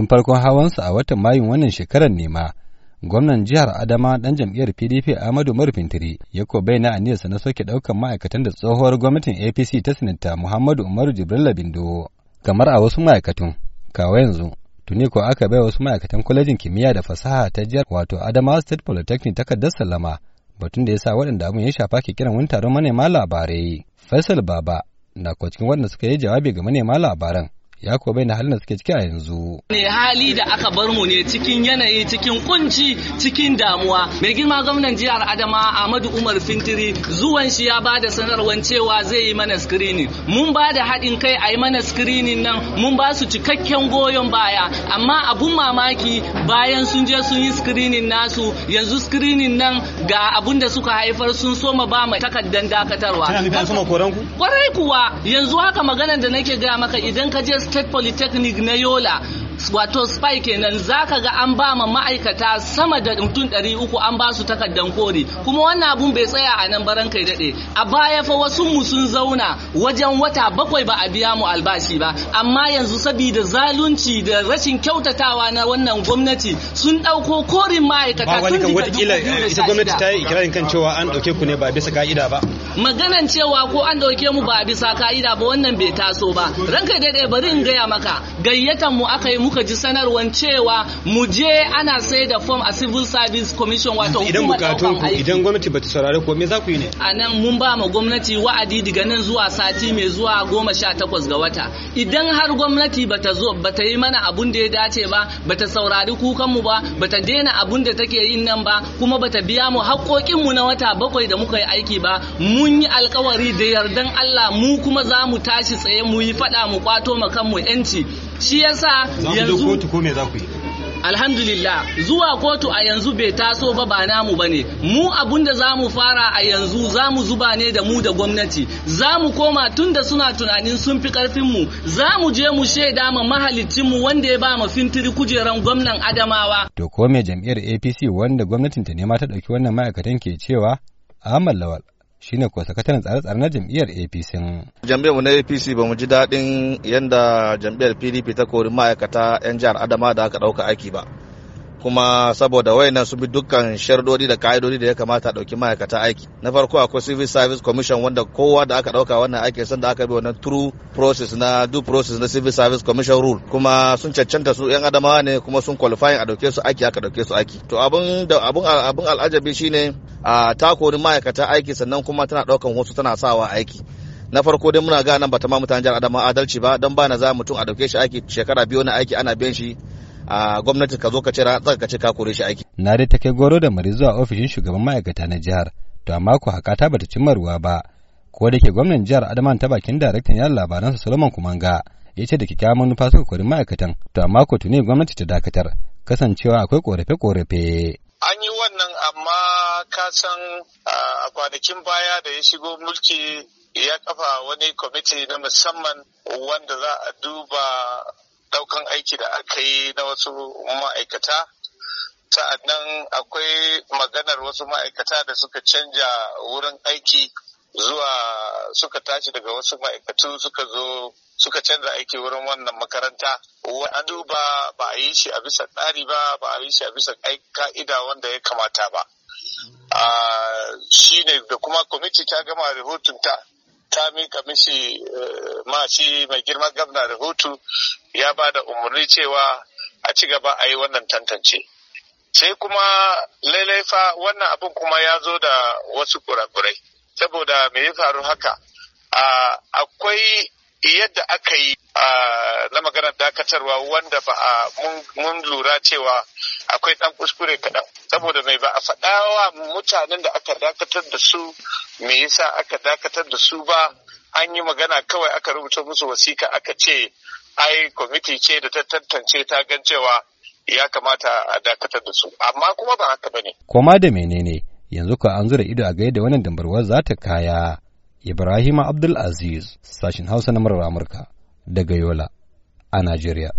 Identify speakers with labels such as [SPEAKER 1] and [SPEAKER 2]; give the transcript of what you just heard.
[SPEAKER 1] tun farkon hawansa a watan mayun wannan shekarar ne ma gwamnan jihar adama dan jam'iyyar pdp ahmadu marufintiri ya ko bayyana aniyarsa na soke daukan ma'aikatan da tsohuwar gwamnatin apc ta sinanta muhammadu umaru jibrila bindo kamar a wasu ma'aikatun kawo yanzu tuni ko aka bai wasu ma'aikatan kwalejin kimiyya da fasaha ta jihar wato adama state polytechnic ta takardar sallama batun da ya sa waɗanda abin ya shafa ke kiran wani taron manema labarai faisal baba na ko waɗanda suka yi jawabi ga manema labaran ya kuwa bayyana halin da suke ciki a yanzu.
[SPEAKER 2] Ne hali da aka bar mu ne cikin yanayi cikin kunci cikin damuwa. Mai girma gwamnan jihar Adama Ahmadu Umar Fintiri zuwan shi ya bada sanarwar cewa zai yi mana screening. Mun ba da haɗin kai a yi mana screening nan mun ba su cikakken goyon baya amma abun mamaki bayan sun je sun yi screening nasu yanzu screening nan ga abun da suka haifar sun soma ba mai takaddan dakatarwa. Kwarai kuwa yanzu haka maganar da nake gaya maka idan ka je Polytechnic Neyola wato spy kenan zaka ga an ba ma ma'aikata sama da mutum ɗari uku an ba su takardan kore kuma wannan abun bai tsaya a nan baran kai daɗe a baya fa wasu mu sun zauna wajen wata bakwai ba a biya mu albashi ba amma yanzu saboda zalunci da rashin kyautatawa na wannan gwamnati sun ɗauko korin ma'aikata sun jika kila ita gwamnati ta yi ikirarin kan
[SPEAKER 1] cewa an ɗauke ku ne ba bisa ka'ida ba
[SPEAKER 2] maganan cewa ko an ɗauke mu ba bisa ka'ida ba wannan bai taso ba ran kai daɗe bari in gaya maka gayyatan mu aka yi kuka ji sanarwar cewa mu je ana sai da form a civil service commission wato idan bukatun ku idan
[SPEAKER 1] gwamnati bata saurare ko me za ku yi ne
[SPEAKER 2] a nan mun ba ma gwamnati wa'adi daga nan zuwa sati mai zuwa goma sha takwas ga wata idan har gwamnati bata zo bata yi mana abun da ya dace ba bata saurari kukan mu ba bata daina abun da take yin nan ba kuma bata biya mu haƙoƙin mu na wata bakwai da muka yi aiki ba mun yi alkawari da yardan Allah mu kuma za mu tashi tsaye mu yi faɗa mu kwato ma kanmu 'yanci shi yasa yanzu kotu me za ku yi alhamdulillah zuwa kotu a yanzu bai taso ba ba namu bane mu abun da mu fara a yanzu zamu zuba ne da mu da gwamnati zamu koma tunda suna tunanin sun fi karfin mu zamu je mu shaida ma mahalicin mu wanda ya ba mu fintiri kujeran gwamnan Adamawa
[SPEAKER 1] to ko me jam'iyyar APC wanda gwamnatin ta nema ta dauki wannan ma'aikatan ke cewa Ahmad Lawal shine kuwa sakataren tsare-tsare na jam'iyyar APC.
[SPEAKER 3] Jam'iyyar mu na APC ba mu ji daɗin yadda jam'iyyar PDP ta kori ma'aikata 'yan jihar Adama da aka ɗauka aiki ba. Kuma saboda wayannan su bi dukkan shardodi da ka'idodi da ya kamata a ɗauki ma'aikata aiki. Na farko akwai Civil Service Commission wanda kowa da aka ɗauka wannan aiki san da aka bi wannan true process na due process na Civil Service Commission rule. Kuma sun cancanta su 'yan Adamawa ne kuma sun qualifying a ɗauke su aiki aka ɗauke su aiki. To abun abun al'ajabi shine ta kori ma'aikata aiki sannan kuma tana ɗaukan wasu tana sawa aiki na farko dai muna ga nan bata ma mutane jihar Adama adalci ba don bana za mutum a dauke shi aiki shekara biyu na aiki ana biyan shi a gwamnati ka zo ka cira tsaka ka ce ka kore shi aiki
[SPEAKER 1] na dai take goro da mari zuwa ofishin shugaban ma'aikata na jihar to amma ko haka bata cimma ruwa ba ko da ke gwamnan jihar Adama ta bakin daraktan yan labaransa Solomon Kumanga ya ce da kawo manufa suka kori ma'aikatan to amma ko tuni gwamnati ta dakatar kasancewa akwai korafe-korafe an yi wannan amma
[SPEAKER 4] ka san a kwanakin baya da ya shigo mulki ya kafa wani kwamiti na musamman wanda za a duba daukan aiki da aka yi na wasu ma'aikata sa'annan akwai maganar wasu ma'aikata da suka canja wurin aiki zuwa suka tashi daga wasu ma'aikatu suka zo suka canza aiki wurin wannan makaranta an duba ba a yi shi a bisa tsari ba ba a yi shi a bisa ka'ida wanda ya kamata ba shi ne da kuma kwamiti ta gama rahoton ta ta mika mishi eh, mashi mai girma gabna rahoto ya ba da umarni cewa a ci gaba a yi wannan tantance sai kuma lailai fa wannan abin kuma ya zo da wasu kurakurai saboda me ya faru haka akwai yadda aka yi na maganar dakatarwa wanda ba mun lura cewa akwai ɗan kuskure kaɗan saboda mai ba a faɗawa wa mutanen da aka dakatar da su me yasa aka dakatar da su ba an yi magana kawai aka rubuta musu wasika aka ce ai kwamiti ce da ta tantance ta gan cewa ya kamata a dakatar da su amma kuma ba
[SPEAKER 1] haka bane koma da menene yanzu ka an zura ido a gaida wannan dambarwar za ta kaya Ibrahim Abdul Aziz sashin Hausa na murar Amurka daga Yola a Najeriya